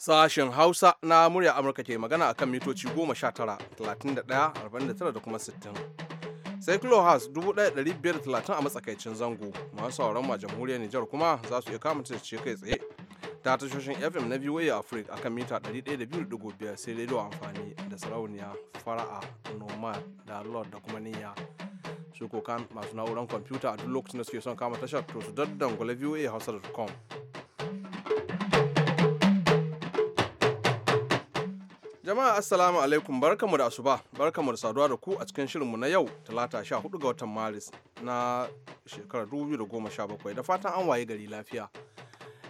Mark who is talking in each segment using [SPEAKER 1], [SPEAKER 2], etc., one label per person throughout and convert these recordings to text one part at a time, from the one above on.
[SPEAKER 1] Sashen Hausa na murya Amurka ke magana akan mitoci 19, 31, 49 da kuma 60. Sai 1530 a matsakaicin zango, masu sauran ma jamhuriyar Nijar kuma za su iya kamata ce kai tsaye. Ta tashoshin FM na VOA Africa akan mita 102.5 sai rediyo amfani da sarauniya fara'a noma da lord da kuma niyya. su kokan masu na'urar kwamfuta a duk lokacin da suke son kama tashar to su daddangula voa hausa.com Jama'a Assalamu alaikum barkamu da asuba barkamu da saduwa da ku a cikin shirinmu na yau talata 14 ga watan Maris na shekarar 2017 da fatan an waye gari lafiya.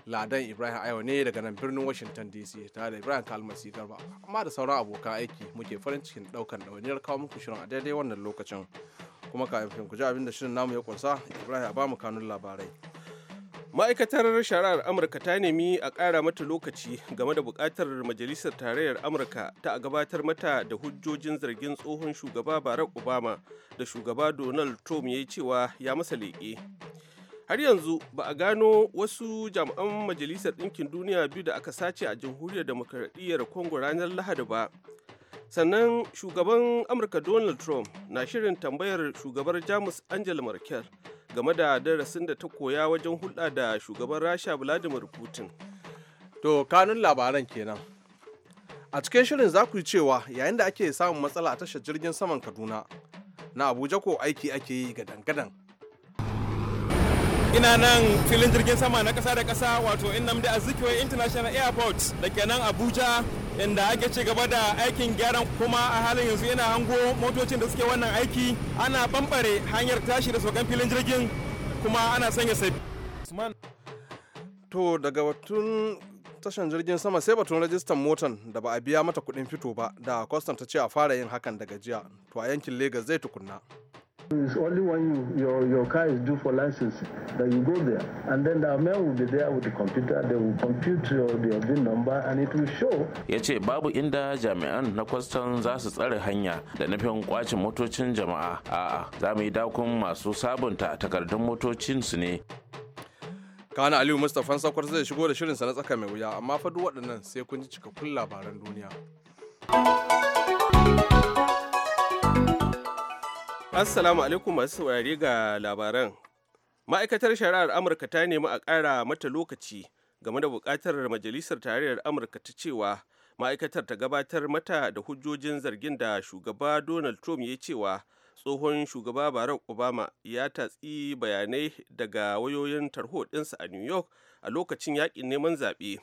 [SPEAKER 1] Ladan Ibrahim Ayo ne daga nan birnin Washington DC tare da Ibrahim Kalmasi Garba amma da sauran abokan aiki muke farin cikin daukan ɗawainiyar kawo muku shirin a daidai wannan lokacin. Kuma kafin ku ji abin da shirin namu ya kunsa Ibrahim a bamu kanun labarai. ma'aikatar shari'ar
[SPEAKER 2] amurka ta nemi a ƙara mata lokaci game da buƙatar majalisar tarayyar amurka ta gabatar mata da hujjojin zargin tsohon shugaba barack obama da shugaba donald trump ya yi cewa ya masa leƙe har yanzu ba a gano wasu jami'an majalisar ɗinkin duniya biyu da aka sace a jamhuriyar demokradiyyar Kongo ranar lahadi ba sannan shugaban amurka donald trump na shirin tambayar shugabar jamus angela merkel game da darasin da ta koya wajen hulɗa da shugaban rasha vladimir
[SPEAKER 1] putin to kanun labaran kenan a cikin shirin za ku yi cewa yayin da ake samun matsala a tashar jirgin saman kaduna na abuja ko aiki ake yi ga dangadan ina nan filin jirgin sama na kasa da kasa
[SPEAKER 3] wato innamdi azikiwe international airport da kenan abuja inda ake ci gaba da aikin gyaran kuma a halin yanzu yana hango motocin da suke wannan aiki ana bambare hanyar
[SPEAKER 1] tashi da saukan filin jirgin
[SPEAKER 3] kuma ana sanya sai
[SPEAKER 1] To daga batun tashan jirgin sama sai batun rajistan motan da ba a biya mata kuɗin fito ba da kwastam ta ce a fara yin hakan daga jiya to a yankin Legas zai tukunna.
[SPEAKER 4] It's only when you, your, your car is due for license that you go there. And then the man will be there with the computer, they will compute your, your VIN number and it will show.
[SPEAKER 5] Ya ce babu inda jami'an na kwastan za su tsare hanya da nufin kwacin motocin jama'a. A'a, za mu yi dakon masu sabunta takardun motocinsu ne.
[SPEAKER 1] Kana Aliyu Mustapha Sakwar zai shigo da shirinsa na tsaka mai wuya, amma fa duk waɗannan sai kun ji cikakkun labaran duniya. Assalamu alaikum masu
[SPEAKER 2] saurari ga labaran. Ma'aikatar shari'ar Amurka ta nemi a ƙara mata lokaci game da buƙatar Majalisar Tarayyar Amurka ta cewa ma'aikatar ta gabatar mata da hujjojin zargin da shugaba Donald Trump ya cewa tsohon shugaba Barack Obama ya tatsi bayanai daga wayoyin tarho ɗinsa a New York a lokacin yaƙin neman zaɓe.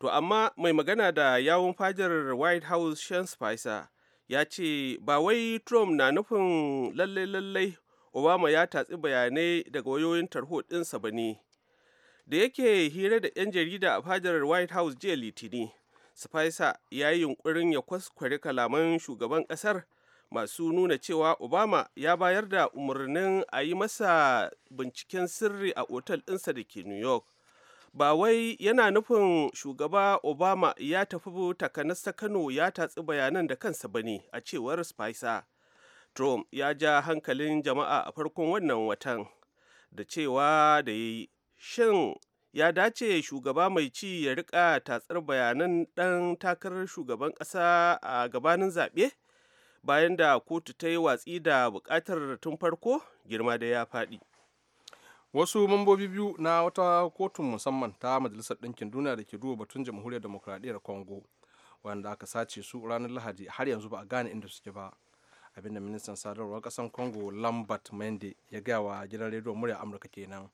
[SPEAKER 2] To amma mai magana da yawun fajar White House Shane Spicer ya ce ba wai trump na nufin lallai-lallai obama ya tatsi bayanai daga wayoyin tarho ɗinsa ba ne da yake hira da 'yan jarida a fadar white house jiya litini spicer ya yi yunkurin ya kwaskwari kalaman shugaban ƙasar masu nuna cewa obama ya bayar da umarnin a yi masa binciken sirri a otal ɗinsa da ke new york ba wai yana nufin shugaba obama ya tafi takanasta kano ya tatsi bayanan da kansa bane a cewar spicer trump ya ja hankalin jama'a a farkon wannan watan da cewa da ya yi shin ya dace shugaba mai ci ya rika tatsar bayanan ɗan takarar shugaban ƙasa a gabanin zaɓe bayan da kotu ta yi watsi da buƙatar tun farko
[SPEAKER 1] girma da ya faɗi wasu mambobi biyu na wata kotun musamman ta majalisar ɗinkin duniya da ke duba batun jamhuriyar demokuraɗiyyar congo wanda aka sace su ranar lahadi har yanzu ba a gane inda suke ba abinda ministan sadarwar kasan congo lambert mende ya gaya wa gidan rediyon murya amurka kenan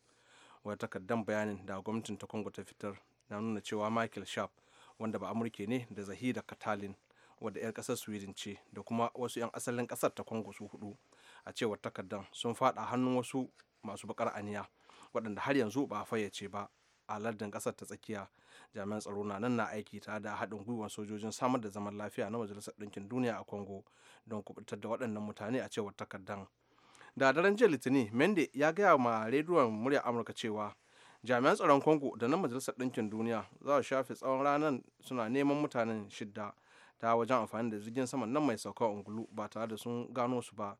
[SPEAKER 1] wata takardar bayanin da gwamnatin ta congo ta fitar na nuna cewa michael sharp wanda ba amurke ne da zahida katalin wadda 'yar kasar sweden ce da kuma wasu 'yan asalin kasar ta congo su hudu a cewar takardar sun fada hannun wasu masu bakar aniya waɗanda har yanzu ba a fayyace ba a lardin ƙasar ta tsakiya jami'an tsaro na nan na aiki ta da haɗin gwiwar sojojin samar da zaman lafiya na majalisar ɗinkin duniya a congo don kubutar da waɗannan mutane a cewar takardan da daren jiya litinin mende ya gaya ma rediyon murya amurka cewa jami'an tsaron congo da na majalisar ɗinkin duniya za su shafe tsawon ranar suna neman mutanen shidda ta wajen amfani da jirgin saman nan mai saukar ungulu ba tare da sun gano su ba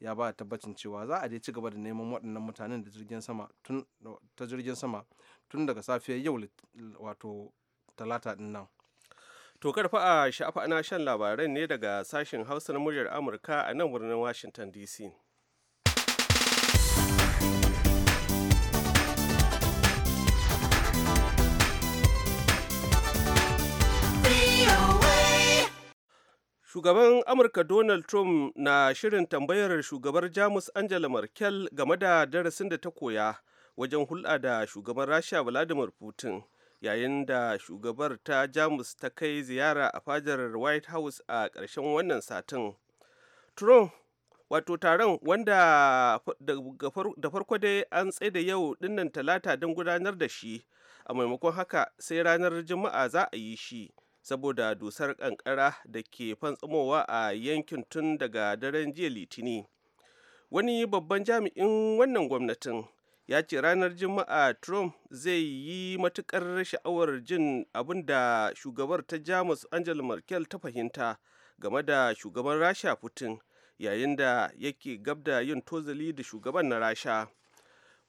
[SPEAKER 1] ya ba tabbacin cewa za a dai ci gaba da neman waɗannan mutanen da jirgin sama tun ta jirgin sama tun daga safiyar yau wato talata din nan
[SPEAKER 2] to karfa a sha'afa ana shan labaran ne daga sashen hausa na muryar amurka a nan birnin washington dc shugaban amurka donald trump na shirin tambayar shugabar jamus angela merkel game da darasin da ta koya wajen hulɗa da shugaban rasha vladimir putin yayin da shugabar ta jamus ta kai ziyara a fadar white house a ƙarshen wannan satin trump wato taron wanda da farko dai an tsaida yau dinnan talata don gudanar da shi a maimakon haka sai ranar juma'a za a yi shi saboda dusar kankara da ke fantsamowa a yankin tun daga daren jiya litini wani babban jami'in wannan gwamnatin ya ce ranar juma'a trump zai yi matukar sha'awar jin abin da shugabar ta jamus angel merkel ta fahimta game da shugaban rasha putin yayin da yake gab da yin tozali da shugaban na rasha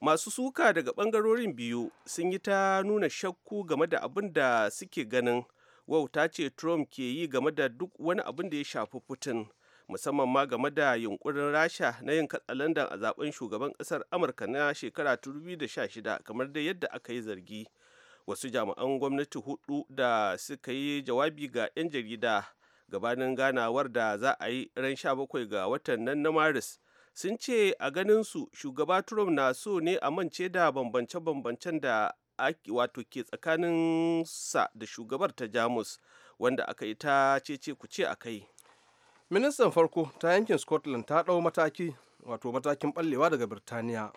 [SPEAKER 2] masu suka daga bangarorin biyu sun yi ta nuna shakku game da abin da suke ganin wauta ce trump ke yi game da duk wani abin da ya shafi putin musamman ma game da yunkurin rasha na yin katsalandan a zaben shugaban kasar amurka na shekara 2016 kamar da yadda aka yi zargi wasu jami'an gwamnati hudu da suka yi jawabi ga 'yan jarida gabanin ganawar da za a yi ran 17 ga watan nan na maris sun ce a ganin su shugaba trump na so ne a mance da bambance-bambancen da wato ke tsakanin sa da shugabar ta jamus wanda aka yi ta cece ku
[SPEAKER 1] ce a kai ministan farko ta yankin scotland ta ɗau mataki wato matakin ɓallewa daga birtaniya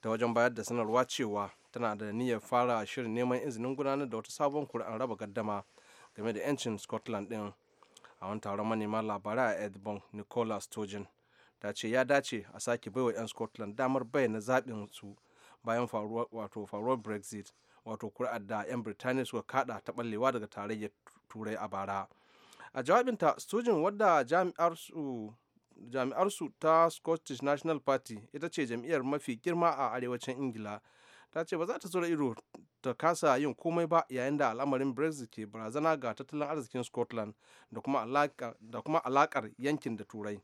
[SPEAKER 1] ta wajen bayar da sanarwa cewa tana da niyyar fara shirin neman izinin gudanar da wata sabon kuri'an raba gaddama game da 'yancin scotland din. a wani taron manema labarai a edinburgh nicola sturgeon ta ce ya dace a sake baiwa 'yan scotland damar bayyana zaɓin su bayan wato faruwar brexit wato kuri'ar da 'yan birtaniya suka kada ta ballewa daga tarayyar turai a bara a jawabinta sojin wadda jami'arsu ta scottish national party ita ce jam'iyyar mafi girma a arewacin ingila ta ce ba za ta zura ido ta kasa yin komai ba yayin da al'amarin brexit ke barazana ga tattalin arzikin scotland da kuma alakar yankin da turai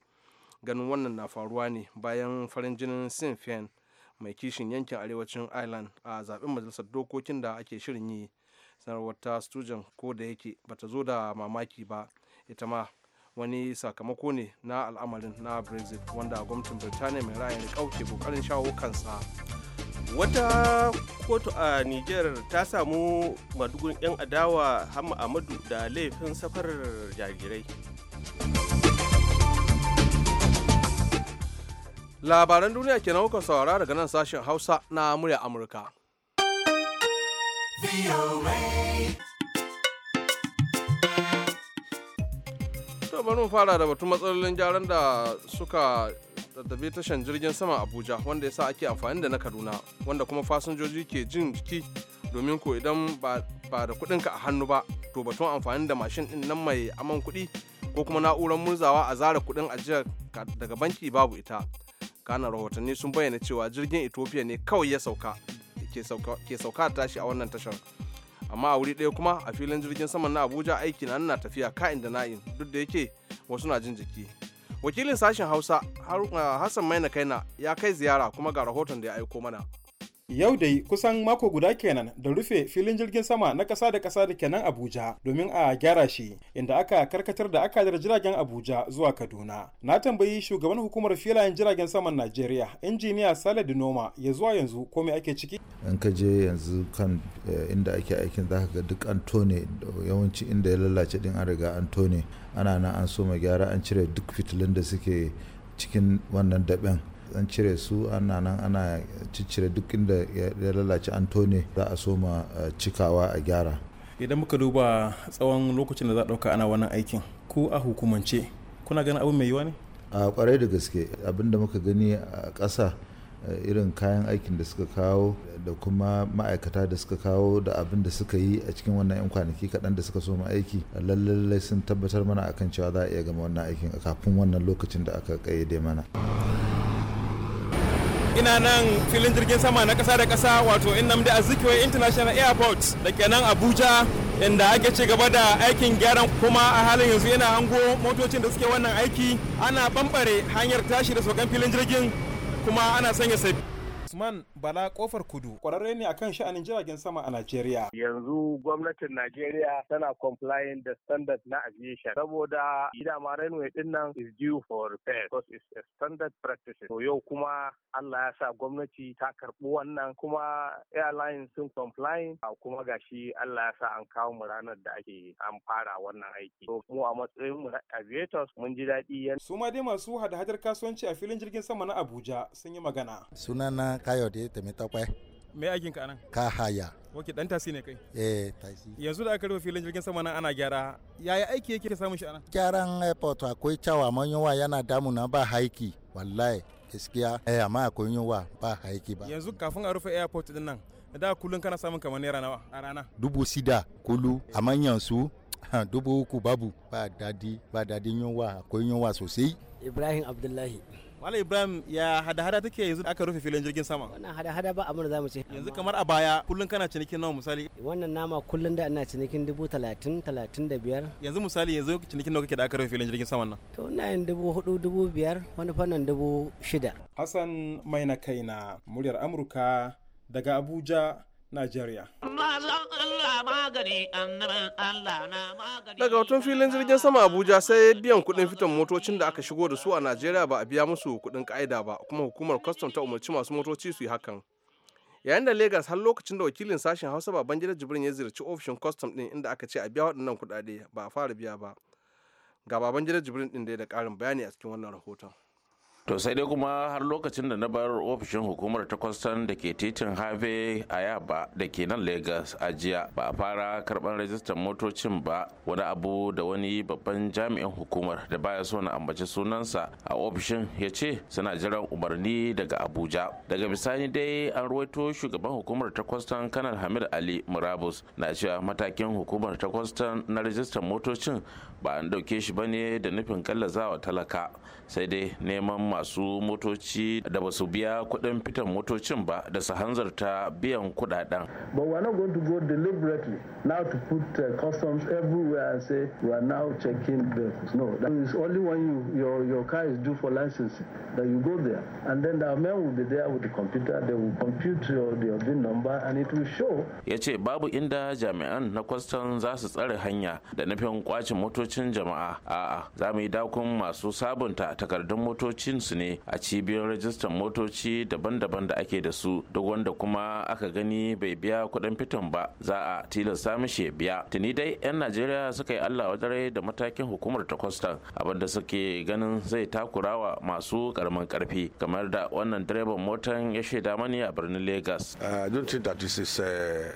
[SPEAKER 1] ganin wannan na faruwa ne bayan farin jinin sinfen. mai kishin yankin arewacin ireland a zaben majalisar dokokin da ake shirin yi sanarwar ta sturgeon ko da yake bata zo da mamaki ba ita ma wani sakamako ne na al'amarin na brexit wanda gwamnatin birtaniya mai ra'ayin rikau kokarin shawo kansa wata kotu a niger ta
[SPEAKER 2] samu madugun 'yan adawa hamma amadu da laifin safarar jarirai
[SPEAKER 1] labaran duniya kenan kuka saurara daga nan sashen hausa na murya amurka to bari mu fara da batun matsalolin gyaran da suka tattabi tashan jirgin sama abuja wanda ya sa ake amfani da na kaduna wanda kuma fasinjoji ke jin jiki domin ko idan ba da kuɗinka a hannu ba to batun amfani da mashin ɗin nan mai aman kuɗi ko kuma na'urar murzawa a zara kuɗin ajiyar daga banki babu ita kana rahotanni sun bayyana cewa jirgin ethiopia ne kawai ya sauka ke sauka tashi a wannan tashar amma a wuri ɗaya kuma a filin jirgin saman na abuja aiki na nuna tafiya ka'in da na'in duk da yake wasu na jin jiki wakilin sashen hausa hassan maina kaina ya kai ziyara kuma ga rahoton da ya aiko mana Yau dai kusan mako guda kenan da rufe
[SPEAKER 3] filin jirgin sama na ƙasa da kasa da kenan Abuja domin a gyara shi inda aka karkatar da akadar jiragen Abuja zuwa Kaduna. Na tambayi shugaban hukumar filayen jiragen saman Najeriya, injiniya Salad Noma ya zuwa yanzu ko ake ciki?
[SPEAKER 6] In ka je yanzu kan eh, inda ake aikin za ka ga duk an tone yawanci inda ya lalace din an riga an tone ana nan an so mai gyara an cire duk fitilun da suke cikin wannan daɓen. an cire su ana nan ana ciccire duk inda ya lalace an tone za a soma eh, cikawa a gyara
[SPEAKER 3] idan muka duba tsawon lokacin da za a ɗauka ana wannan aikin ku a hukumance kuna gani abu mai yiwa ne
[SPEAKER 6] a kwarai da gaske abin da muka gani a ƙasa eh, irin kayan aikin da suka kawo da kuma ma'aikata da suka kawo da abin da suka yi a cikin wannan 'yan kwanaki kaɗan da suka soma aiki lallai sun tabbatar mana akan cewa za a iya gama wannan aikin kafin wannan lokacin da aka kayyade mana
[SPEAKER 3] ina nan filin jirgin sama na kasa da kasa wato a Azikiwe International Airport da ke nan Abuja inda ake ci gaba da aikin gyaran kuma a halin yanzu yana hango motocin da suke wannan aiki ana bambare hanyar tashi da saukan filin jirgin kuma ana sanya sabi Usman Bala kofar kudu kwararre ne akan sha'anin jiragen sama a
[SPEAKER 2] Najeriya. Yanzu gwamnatin Najeriya tana complying da standard na aviation saboda gida ma railway din nan is due for repair because it's a standard practice. To yau kuma
[SPEAKER 6] Allah ya sa gwamnati ta karɓi wannan kuma airlines sun complying ah, kuma gashi Allah ya sa an kawo mu ranar da ake an fara wannan aiki. To mu a matsayin
[SPEAKER 3] mu aviators mun ji daɗi. Su ma dai masu hada-hadar kasuwanci a filin jirgin sama na Abuja sun yi magana.
[SPEAKER 6] Sunana Kayode Temitope.
[SPEAKER 3] mai aikin ka nan?
[SPEAKER 6] Ka haya.
[SPEAKER 3] Ok, dan tasi ne kai?
[SPEAKER 6] Eh, tasi.
[SPEAKER 3] Yanzu da aka rufe filin jirgin sama nan ana gyara. Yaya aiki yake da samun shi anan?
[SPEAKER 6] Gyaran airport akwai cawa man yawa yana na ba haiki. Wallahi, gaskiya. Eh, amma akwai yawa ba haiki ba.
[SPEAKER 3] Yanzu kafin a rufe airport din nan, da kullun kana samun kamar naira nawa a rana?
[SPEAKER 6] Dubu sida kulu a manyan su dubu uku babu ba dadi ba dadin yawa akwai yawa sosai.
[SPEAKER 3] Ibrahim Abdullahi. Malam Ibrahim ya hada-hada take yanzu aka rufe filin jirgin sama.
[SPEAKER 6] Wannan hada-hada ba abin da zamu ce. Yanzu
[SPEAKER 3] kamar a baya kullun kana cinikin nawa misali.
[SPEAKER 6] Wannan nama kullun da ina cinikin dubu talatin talatin da biyar.
[SPEAKER 3] Yanzu misali yanzu cinikin nawa kake da aka rufe filin jirgin saman nan. To
[SPEAKER 4] ina yin dubu hudu dubu biyar wani fannin dubu shida.
[SPEAKER 3] Hassan Maina Kaina muryar Amurka daga Abuja Najeriya.
[SPEAKER 1] Daga hoton filin jirgin sama Abuja sai biyan kuɗin fitan motocin da aka shigo da su a Najeriya ba a biya musu kuɗin ka'ida ba kuma hukumar kwastam ta umarci masu motoci su yi hakan. Yayin da Legas har lokacin da wakilin sashen Hausa baban gida Jibrin ya ziyarci ofishin kwastam ɗin inda aka ce a biya waɗannan kuɗaɗe ba a fara biya ba. Ga baban gida Jibrin ɗin da ƙarin bayani a cikin wannan rahoton.
[SPEAKER 5] to sai dai kuma har lokacin da na bar ofishin hukumar ta kwastan da ke titin Harvey a yaba da ke nan lagos a jiya ba a fara karban rajistar motocin ba wani abu da wani babban jami'in hukumar da baya so na ambaci sunansa a ofishin ya ce suna jiran umarni daga abuja daga bisani dai an ruwaito shugaban hukumar ta kwastan kanar hamid ali murabus na cewa matakin hukumar ta kwastan na rajistar motocin ba an dauke shi bane da nufin kallazawa talaka sai dai neman masu motoci da ba su biya kuɗin fitan motocin ba da su hanzarta biyan kuɗaɗen.
[SPEAKER 4] But we are not going to go deliberately now to put uh, customs everywhere and say we are now checking the No, that is only when you, your, your car is due for license that you go there. And then the men will be there with the computer, they will compute your, your VIN number and it will show.
[SPEAKER 5] Ya ce babu inda jami'an na kwastan za su tsare hanya da nufin kwacin motocin jama'a. A'a, za mu yi dakon masu sabunta takardun motocin su ne a cibiyar rajistar motoci daban-daban da ake da su duk wanda kuma aka gani bai biya kuɗin fiton ba za a tilasta mishi ya biya tuni dai 'yan najeriya suka yi allah wadare da matakin hukumar ta kwastan abinda suke ganin zai takurawa masu karamin karfi kamar da wannan direban motan ya shaida mani a birnin lagos uh,
[SPEAKER 7] don't think that this uh,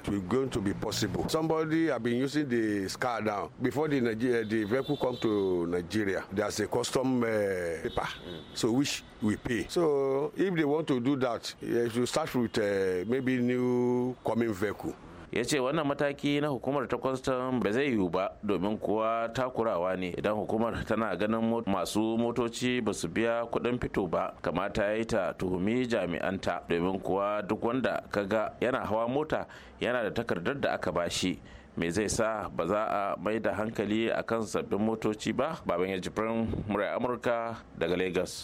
[SPEAKER 7] before the, the vehicle come to
[SPEAKER 3] nigeria there's a custom uh, paper so which we pay. So if they
[SPEAKER 5] want to do that, they eh, should start with uh, maybe new coming vehicle. ya ce wannan mataki na hukumar ta kwastam ba zai yiwu ba domin kuwa takurawa ne idan hukumar tana ganin masu motoci ba su biya kuɗin fito ba kamata ya yi ta tuhumi jami'anta domin kuwa duk wanda kaga yana hawa mota yana da takardar da aka bashi me zai sa ba za a mai da hankali a kan sabbin motoci ba baban ya jibrin murai amurka daga lagos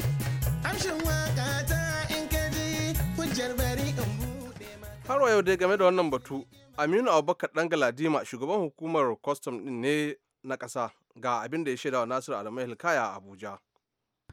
[SPEAKER 5] har wa yau dai game da wannan batu aminu
[SPEAKER 1] abubakar dan galadima shugaban hukumar kwastam din ne na ƙasa ga abin da ya shaidawa nasiru Alamai hilkaya a abuja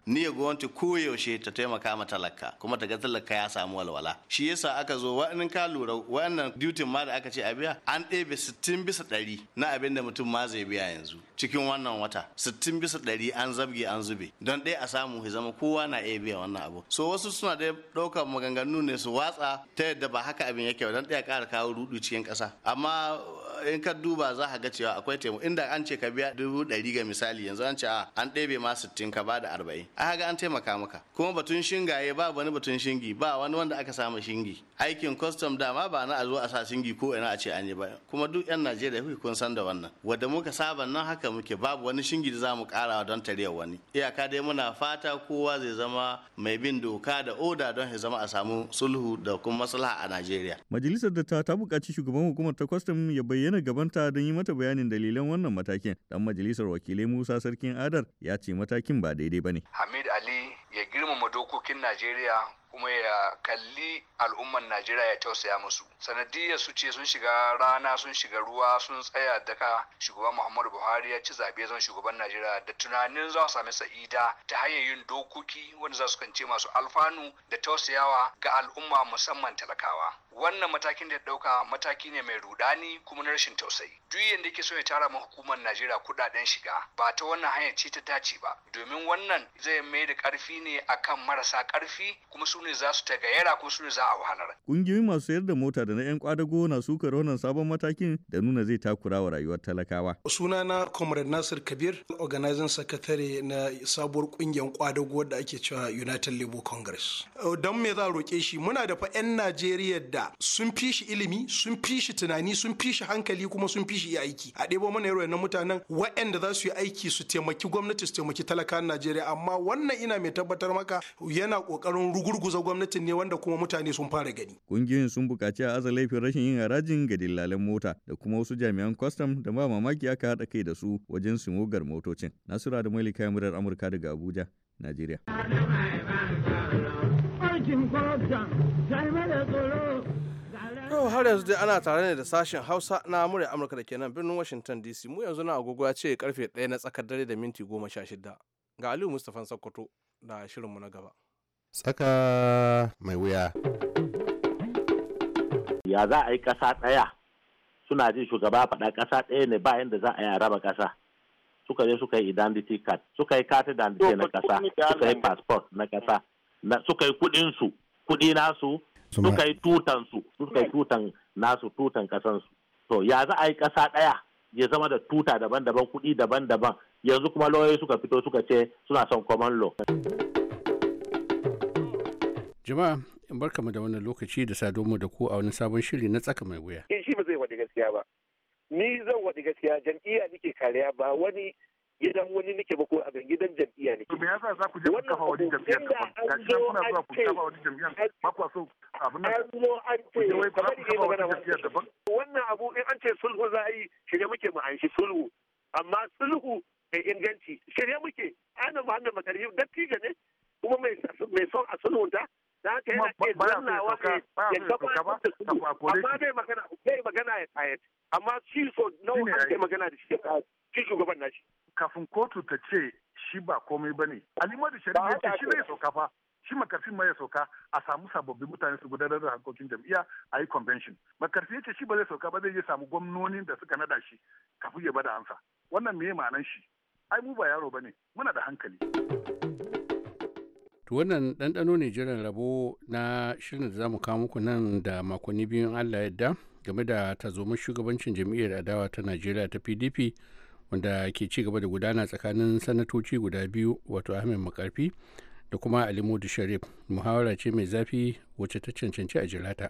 [SPEAKER 4] niyyar gwamnati koyaushe ta taimaka ma talaka kuma ta ga talaka ya samu walwala shi yasa aka zo wa'annan ka lura wa'annan dutin ma da aka ce a biya an ɗebe 60 bisa ɗari na abinda mutum ma zai biya yanzu cikin wannan wata 60 bisa ɗari an zabge an zube don ɗaya a samu ya zama kowa na iya biya wannan abu so wasu suna da ɗaukar maganganu ne su watsa ta yadda ba haka abin yake ba don ɗaya ƙara kawo rudu cikin ƙasa amma in ka duba za ka ga cewa akwai taimako inda an ce ka biya dubu ɗari ga misali yanzu an ce an ɗebe ma sittin ka ba da arba'in a ga an taimaka maka kuma batun shingaye ba wani batun shingi ba wani wanda aka samu shingi aikin custom dama ba na a zo a sa singi ko ina a ce an yi ba kuma duk yan najeriya kuke kun san da wannan wanda muka saba nan haka muke babu wani shingi da zamu kara don tare wani iyaka dai muna fata kowa zai zama mai bin doka da oda don ya zama a samu sulhu da kuma maslaha a najeriya majalisar da ta ta buƙaci shugaban hukumar ta custom ya bayyana gabanta don yi mata bayanin dalilan wannan matakin dan majalisar wakilai musa sarkin adar ya ce matakin ba daidai ba ne
[SPEAKER 1] hamid ali ya girmama dokokin najeriya kuma ya kalli al'umman najeriya ya tausaya musu sanadiyar su ce sun shiga rana sun shiga ruwa sun tsaya daka shugaban muhammadu buhari ya ci zaɓe zan shugaban najeriya da tunanin za su sami sa'ida ta hanyar dokoki wanda za su kance masu alfanu da tausayawa ga al'umma musamman talakawa wannan matakin da ya dauka mataki ne mai rudani kuma na rashin tausayi duk yadda yake so ya tara ma hukumar najeriya kuɗaɗen shiga ba ta wannan hanyar ce ta dace ba domin wannan zai mai da ƙarfi ne akan marasa ƙarfi kuma su ne za su ta gayyara ko su ne za a wahalar.
[SPEAKER 4] Ƙungiyoyin masu sayar da mota da na 'yan kwadago na suka wannan sabon matakin da nuna zai takura wa rayuwar talakawa.
[SPEAKER 3] Sunana Comrade Nasir Kabir, organizing secretary na sabuwar ƙungiyar kwadago da ake cewa United Labour Congress. Uh, don me za a roƙe shi muna da fa 'yan Najeriya da sun fi shi ilimi, sun fi shi tunani, sun fi shi hankali kuma sun fi shi iya aiki. A ɗebo mana yaro na mutanen waɗanda za su yi aiki su taimaki gwamnati su taimaki na Najeriya amma wannan ina mai tabbatar maka yana ƙoƙarin rugurguza ruguza gwamnatin ne wanda kuma mutane sun fara gani.
[SPEAKER 4] Kungiyoyin sun buƙaci a aza laifin rashin yin harajin ga dillalan mota da kuma wasu jami'an kwastam da ba mamaki aka haɗa kai da su wajen sumogar motocin. Nasura da mali kayan murar Amurka daga Abuja, Najeriya. yau har yanzu dai ana tare ne da sashen Hausa
[SPEAKER 1] na murya Amurka da kenan birnin Washington DC mu yanzu na agogo ya ce karfe 1 na tsakar dare da minti goma sha 16 ga Aliyu Mustapha Sokoto da shirinmu na gaba.
[SPEAKER 6] Tsaka mai wuya. Ya za a yi ƙasa ɗaya suna jin shugaba faɗa ƙasa ɗaya ne bayan da za a yi a raba ƙasa. Suka je suka yi identity card, suka yi katin identity na ƙasa, suka yi passport na ƙasa, suka yi kuɗinsu, kuɗi nasu, suka yi tutansu, suka yi tutan nasu, tutan ƙasansu. To ya za a yi ƙasa ɗaya ya zama da tuta daban-daban, kuɗi daban-daban, yanzu kuma lauyoyi suka fito suka ce suna son common law.
[SPEAKER 7] Jama'a barkamu da wannan lokaci da sadomu da ku a wani sabon shiri na tsaka mai wuya.
[SPEAKER 8] Eh shi ba zai wadi gaskiya ba. Ni zan wadi gaskiya jam'iyya nake kariya ba wani gidan wani nake ba ko a gidan jam'iyya ne. Me yasa za ku je ku kafa wani jam'iyya ba Ga shi kuna zuwa ku kafa wani jam'iyya ba ku so abin nan. An zo an ce kamar da magana ba. Wannan abu in an ce sulhu za a yi shirye muke mu an shi sulhu. Amma sulhu mai inganci shirye muke. Ana muhammad makarfi dattijo ne kuma mai son a sulhunta da haka yana iya zannawa ne ya gabatar da su amma bai magana bai magana ya tayar amma shi so nawa ake magana da shi ya tayar shi shugaban nashi kafin kotu ta ce shi ba komai ba bane alimadu shari'a ya ce shi ne sauka fa shi makarfin ma ya sauka a samu sababbin mutane su gudanar da harkokin jam'iyya a yi convention makarfi yace shi ba zai sauka ba zai iya samu gwamnonin da suka nada shi kafin ya bada ansa wannan me ma'anan shi ai mu ba yaro ba ne muna da hankali
[SPEAKER 7] to wannan ɗanɗano ne jiran rabo na shirin da za mu kawo muku nan da makonni biyun allah yadda game da tazomin shugabancin jam'iyyar adawa ta najeriya ta pdp wanda ke ci gaba da gudana tsakanin sanatoci guda biyu wato ahmed makarfi da kuma alimudu sharif muhawara ce mai zafi wacce ta cancanci a jirata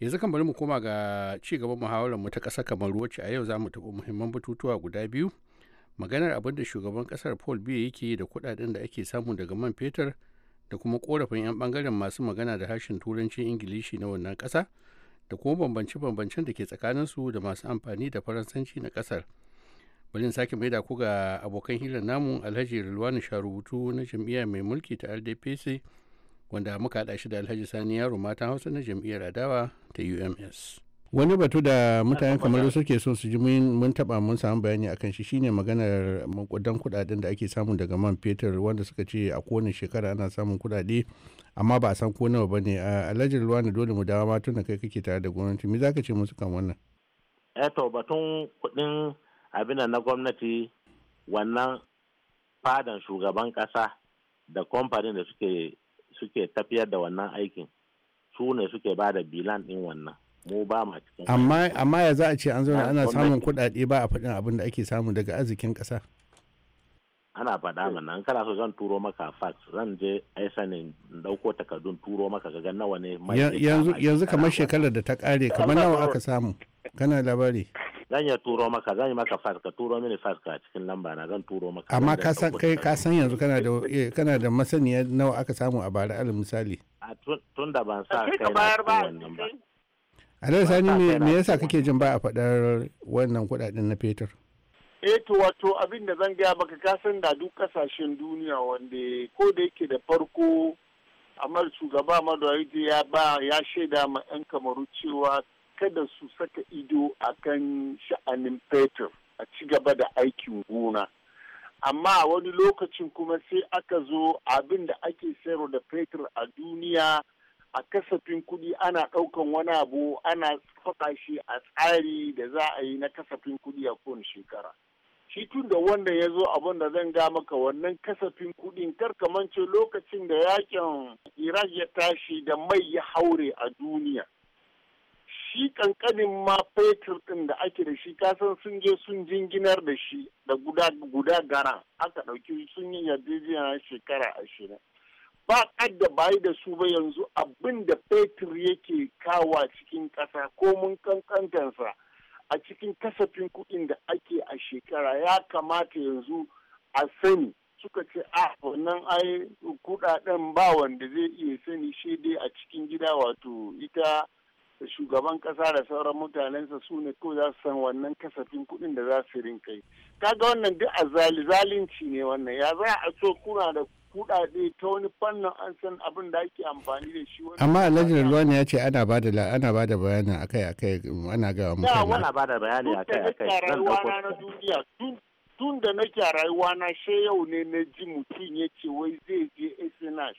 [SPEAKER 7] yanzu kan bari mu koma ga ci gaban muhawarar mu ta ƙasa kamar wacce a yau za mu taɓa muhimman batutuwa guda biyu maganar abin da shugaban kasar paul biya yake da kudaden da ake samu daga man fetur da kuma korafin 'yan bangaren masu magana da harshen turancin ingilishi na wannan kasa da kuma bambance-bambancen da ke tsakanin su da masu amfani da faransanci na kasar bari sake da ku ga abokan hirar namu alhaji rilwani rubutu na jam'iyya mai mulki ta rdpc wanda muka haɗa shi da alhaji sani yaro matan hausa na jam'iyyar adawa ta ums wani batu da mutane kamar suke son su ji mun taba mun samu bayani akan shi shine maganar makudan kudaden da ake samu daga man fetur wanda suka ce a kowane shekara ana samun kudade amma ba a san ko nawa bane alhaji ruwa ne dole mu dawo ma tun da kai kake tare da gwamnati me zaka ce musu kan wannan
[SPEAKER 6] eh to batun kudin abin na gwamnati wannan fadan shugaban kasa da kamfanin da suke suke tafiyar da wannan aikin su ne suke ba da bilan din wannan mu ba ma cikin amma
[SPEAKER 7] amma ya za a ce an zauna ah, ana samun kuɗaɗe ba a faɗin abin da ake samu daga arzikin ƙasa
[SPEAKER 6] ana faɗa mana an kana so zan turo maka fax zan je ai sanin dauko takardun turo maka ga nawa ne yanzu yanzu kamar
[SPEAKER 7] shekarar da ta kare kamar nawa aka samu
[SPEAKER 6] kana labari zan ya turo maka zan yi maka fax ka turo mini fax ka cikin lamba na zan turo maka amma
[SPEAKER 7] ka san kai ka san yanzu kana da eh, kana da masaniya nawa aka samu a bara alal misali
[SPEAKER 8] tun da ban sa kai na wannan ba
[SPEAKER 7] a da sani me yasa kake jin ba a faɗar wannan kuɗaɗen na fetur
[SPEAKER 8] eh to wato abin da zan gaya maka san da duk kasashen duniya wanda ko da yake da farko amar shugaba madariti ya ba ya shaida ma 'yan kamaru cewa kada su saka ido a kan sha'anin fetur a ci gaba da aikin gona amma wani lokacin kuma sai aka zo abin da ake sayarwa da fetur a duniya a kasafin kuɗi ana ɗaukan wani abu ana faɗa shi a tsari da za a yi na kasafin kuɗi a kowane shekara shi tun da wanda ya zo abin da zan ga maka wannan kasafin kuɗin karkamance lokacin da yakin iraq ya tashi da mai ya haure a duniya shi kankanin ma fetur ɗin da ake da shi kasan sun je sun jinginar da shi da guda gara aka ɗauki sun yi yarjejeniya shekara ashirin ba da bayi da su ba yanzu abin da fetur yake kawa cikin ƙasa ko mun kankantansa a cikin kasafin kuɗin da ake a shekara ya kamata yanzu a sani suka ce a ah, wannan ai kuɗaɗen ba wanda zai iya sani shi dai a cikin gida wato ita shugaban ƙasa da sauran mutanensa su ne ko za su san wannan kasafin kuɗin da za su rinka yi kaga wannan duk a zalunci ne wannan ya za a so kuna da kuɗaɗe ta wani fannin an san abin da ake amfani da shi
[SPEAKER 7] amma alhaji ruwan ya ce ana ba da ana ba da bayanin akai akai ana ga mutane
[SPEAKER 8] ana ba da bayani akai akai zan dauko na duniya tun da nake a rayuwa na she yau ne na ji mutum ya ce wai zai je SNS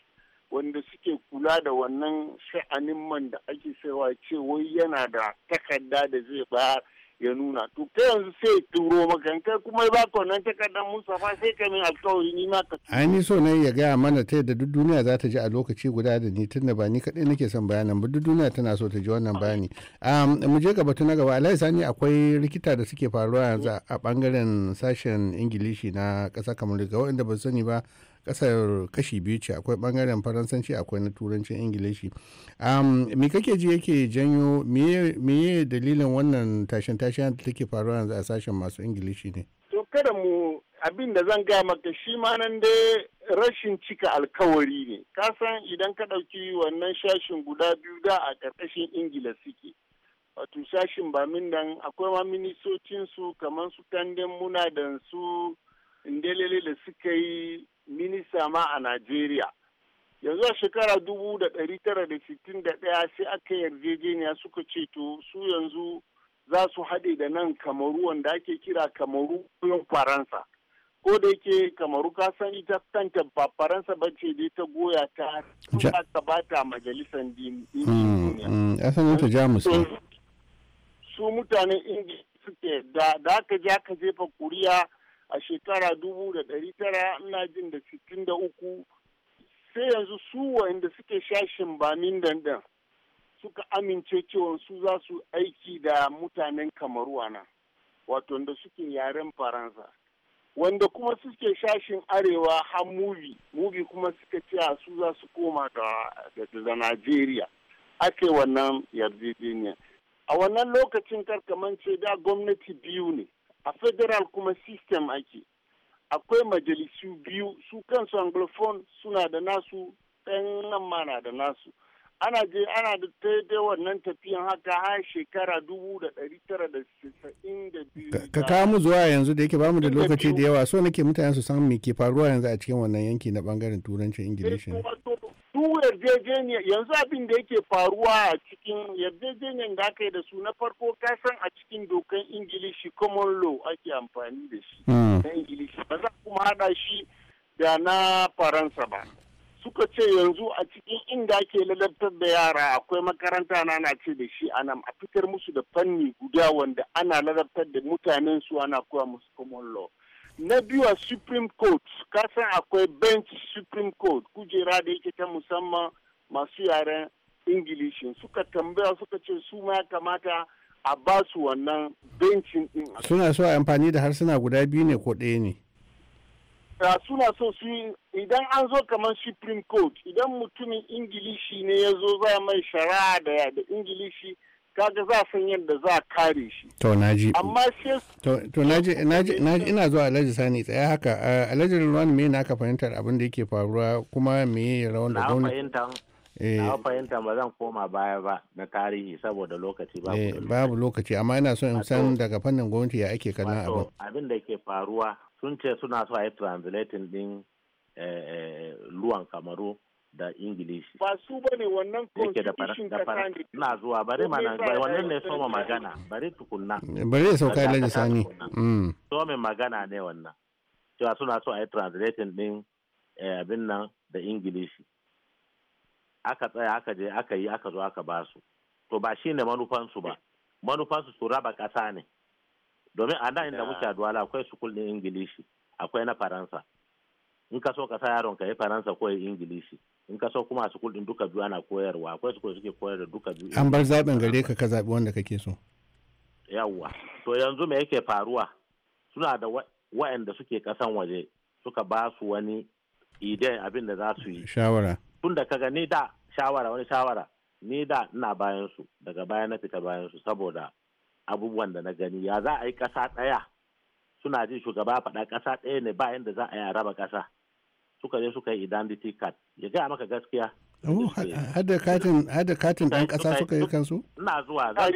[SPEAKER 8] wanda suke kula da wannan sha'anin man da ake saiwa ce wai yana da takarda da zai bayar ya nuna to ta yanzu sai turo maka kai kuma ba ta wannan takardar Mustapha sai ka min alƙawari ni ma ka
[SPEAKER 7] ai ni so ne ya gaya mana ta yadda duk duniya za ta ji a lokaci guda da ni tunda ba ni kadai nake son bayanan ba duk duniya tana so ta ji wannan bayani mu je gaba na gaba alai sani akwai rikita da suke faruwa yanzu a bangaren sashen ingilishi na ƙasa kamar ga waɗanda ba sani ba kasar kashi biyu ce akwai bangaren faransanci akwai na turancin ingilishi me kake ji yake janyo meye dalilin wannan tashin tashin da take faruwa yanzu a sashen masu ingilishi ne
[SPEAKER 8] to kada mu abin da zan gaya maka shi ma nan dai rashin cika alkawari ne kasan idan ka ɗauki wannan shashin guda biyu da a ƙarƙashin ingila suke wato shashin ba min nan akwai ma su kamar su tandem muna da su indelele da suka yi minista ma a Najeriya. Yanzu a shekara dubu da ɗari tara da sittin da ɗaya sai aka yarjejeniya suka ce to su yanzu za su haɗe da nan kamaru wanda ake kira kamaru kuyon faransa. Ko da yake kamaru ka san ita kanta ba faransa ba ce dai ta goya ta ta bata majalisar mm,
[SPEAKER 7] duniya. Mm,
[SPEAKER 8] su mutanen Ingila suke da aka je aka jefa kuriya a shekara dubu da ɗari tara ina jin da sittin da uku sai yanzu su wanda suke shashin bamin dandan suka amince cewa su za su aiki da mutanen kamaru na wato da suke yaren faransa wanda kuma suke shashin arewa har mubi mubi kuma suka ce a su za su koma da najeriya ake wannan yarjejeniya a wannan lokacin karkamance da gwamnati biyu ne a federal kuma system ake akwai majalisu biyu su kansu anglophone suna da nasu ɗan nan ma na da nasu ana je ana da da wannan tafiyan haka har shekara dubu da ɗari tara da sittin
[SPEAKER 7] da ka kawo mu zuwa yanzu da yake bamu da lokaci da yawa so nake mutane su san me ke faruwa yanzu a cikin wannan yanki na bangaren turancin ingilishi
[SPEAKER 8] duk yarjejeniya yanzu abin da yake faruwa a cikin yarjejeniyar da aka yi da su na farko kasan a cikin dokan ingilishi common law ake amfani da shi hmm. na ingilishi ba za kuma hada shi da na faransa ba suka ce yanzu a cikin inda ake ladabtar da yara akwai makaranta na na ce da shi anam a fitar musu da fanni guda wanda ana ladabtar da mutanen su ana koya musu common law na biyu a supreme court kasan akwai bench supreme court kujera da yake ta musamman masu yaren ingilishin suka tambaya suka ce su ma kamata a ba su wannan bencin din suna
[SPEAKER 7] so a amfani da harsuna guda biyu ne ko ɗaya ne
[SPEAKER 8] suna so su idan an zo kamar supreme court idan mutumin ingilishi ne ya zo za mai shari'a da ingilishi kaga za san yadda za a kare shi
[SPEAKER 7] to naji amma shi to naji naji naji ina zuwa alhaji sani tsaya haka alhaji ruwan me na ka fahimtar abin da yake faruwa kuma me rawan da gwamnati na fahimta
[SPEAKER 6] eh. na fahimta ba zan koma baya ba na tarihi saboda lokaci ba eh,
[SPEAKER 7] babu lokaci amma ina so in san daga fannin gwamnati ya ake kana abin
[SPEAKER 6] abin da ke faruwa sun ce suna so a yi translating din eh, luwan kamaru da ingilishi
[SPEAKER 8] ba su bane wannan constitution kasa
[SPEAKER 6] na zuwa bare mana wannan ne soma magana bare tukunna eh, bare ya sauka ilaji sani mm. so mai magana ne wannan cewa suna so a yi translating din eh, abin nan da ingilishi aka tsaya aka je aka yi aka zo aka ba su to ba shine manufansu ba manufansu su raba kasa ne domin a nan inda muke aduwala akwai sukul din ingilishi akwai na faransa in ka so ka sa yaron ka yi faransa ko yi ingilishi in ka so kuma a sukul din duka biyu ana koyarwa akwai su suke koyar da duka biyu an bar zaɓin gare
[SPEAKER 7] ka ka zaɓi wanda kake so
[SPEAKER 6] yawwa to yanzu me yake faruwa suna da wa'anda suke kasan waje suka ba su wani idan abin da za su yi shawara tun da kaga ni da shawara wani shawara ni da ina bayan su daga baya na fita bayan su saboda abubuwan da na gani ya za a yi ƙasa ɗaya suna jin shugaba faɗa ƙasa ɗaya ne bayan da za a yi raba ƙasa suka je suka yi identity card ya gaya maka gaskiya
[SPEAKER 8] oh,
[SPEAKER 7] hada katin hada katin dan ƙasa suka yi kansu
[SPEAKER 6] ina zuwa zan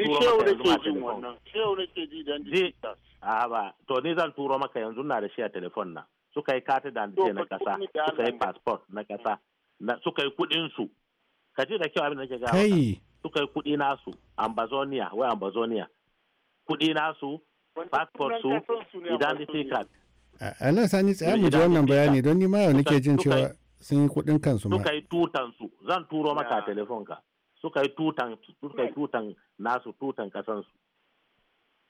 [SPEAKER 6] turo maka yanzu ma telefon a ba to ni zan turo maka yanzu na da shi a telefon na suka yi katin da na ƙasa suka yi passport na ƙasa suka yi kuɗin su ka ji da kyau abin da nake gaya suka yi kudi nasu ambazonia wai ambazonia kudi nasu passport su identity card
[SPEAKER 7] Allah sani tsaye mu ji wannan bayani don ni yau nake jin cewa sun yi kuɗin kansu ma suka
[SPEAKER 6] yi tutan su zan turo maka telefon ka suka yi tutan suka yi tutan nasu tutan kasan su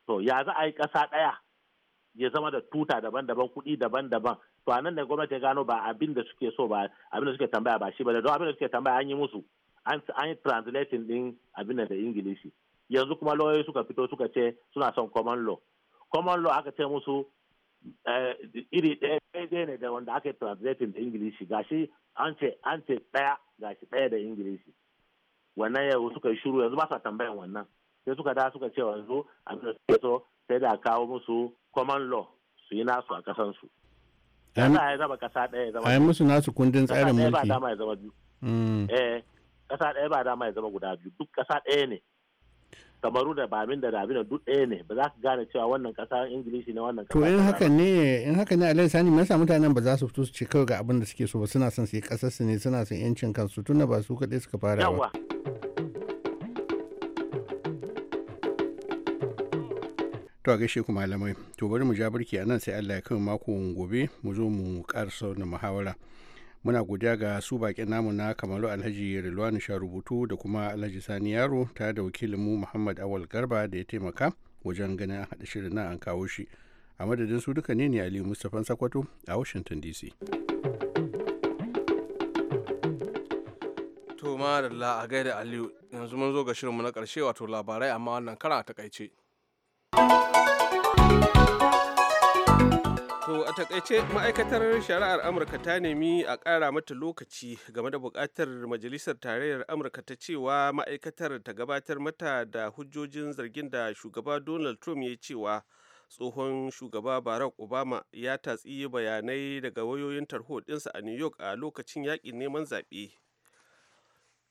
[SPEAKER 6] to ya za a yi ƙasa ɗaya ya zama da tuta daban-daban kuɗi daban-daban to anan ne gwamnati gano ba abin da suke so ba abin da suke tambaya ba shi ba da don abin da suke tambaya an yi musu an yi translating din abin da ingilishi yanzu kuma lauyoyi suka fito suka ce suna son common law common law aka ce musu eh, iri ɗaya daidai ne da wanda aka yi translating da ingilishi gashi an ce an ce ɗaya gashi ɗaya da ingilishi wannan yau suka yi shuru yanzu ba sa tambayan wannan sai suka da suka ce yanzu abin da suke so sai da kawo musu common law su yi nasu a kasan su yasa ya zama kasa ɗaya ya zama a yi musu nasu kundin tsarin mulki kasa ɗaya ba dama ya zama biyu kasa mm. eh, ɗaya ba dama ya zama guda biyu duk kasa ɗaya ne kamaru da bamin da rabina duk ɗaya ne ba za ka gane cewa wannan ƙasa ingilishi ne wannan to in haka
[SPEAKER 7] ne in haka ne alai sani me mutanen ba za su fito su ce kawai ga abin da suke so ba suna son su yi ƙasar su ne suna son yancin kansu tunda ba su kaɗai suka fara ba to a gaishe ku malamai to bari mu ja birki a nan sai Allah ya kai mako gobe mu zo mu ƙarasa na muhawara muna godiya ga su bakin namu na kamalu alhaji rilwan sha rubutu da kuma alhaji sani yaro ta da wakilinmu muhammad awal garba da ya taimaka wajen ganin a haɗa shirin nan an kawo shi a madadin su duka ne ne aliyu mustapha sakwato a washington dc
[SPEAKER 1] to ma da a gaida aliyu yanzu mun zo ga shirinmu na karshe wato labarai amma wannan kara a takaice
[SPEAKER 2] To a takaice ma'aikatar shari'ar Amurka ta nemi a ƙara mata lokaci game da buƙatar Majalisar Tarayyar Amurka ta cewa ma'aikatar ta gabatar mata da hujjojin zargin da shugaba Donald Trump ya cewa tsohon shugaba Barack Obama ya tatsi bayanai daga wayoyin tarho ɗinsa a New York a lokacin yaƙin neman zaɓe.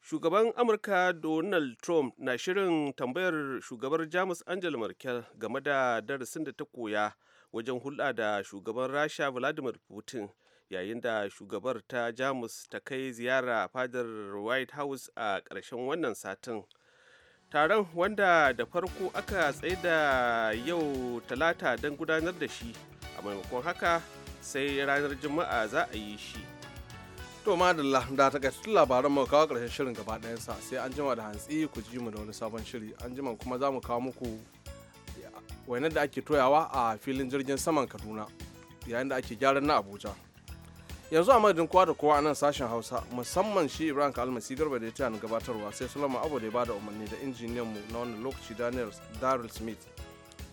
[SPEAKER 2] Shugaban Amurka Donald Trump na shirin tambayar shugabar Jamus Angela Merkel game da darasin da ta koya. wajen hulɗa da shugaban rasha vladimir putin yayin da shugabar ta jamus ta kai ziyara fadar white house a ƙarshen wannan satin taron wanda da farko aka tsaida yau talata don gudanar da shi a maimakon haka sai ranar
[SPEAKER 1] juma'a za a yi shi to madalla da takaitattun labaran mu kawo ƙarshen shirin gaba ɗayansa sai an jima da hantsi ku ji mu da wani sabon shiri an jima kuma za mu kawo muku wainar da ake toyawa a filin jirgin saman kaduna yayin da ake gyaran na abuja yanzu a madadin kowa da kowa a nan sashen hausa musamman shi ibrahim kalmasi garba da ya ni gabatarwa sai sulaiman abu da ya bada umarni da injiniyan mu na wannan lokaci daniel daryl smith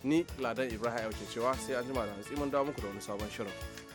[SPEAKER 1] ni ladan ibrahim ya ke cewa sai an jima da hantsi mun dawo muku da wani sabon shirin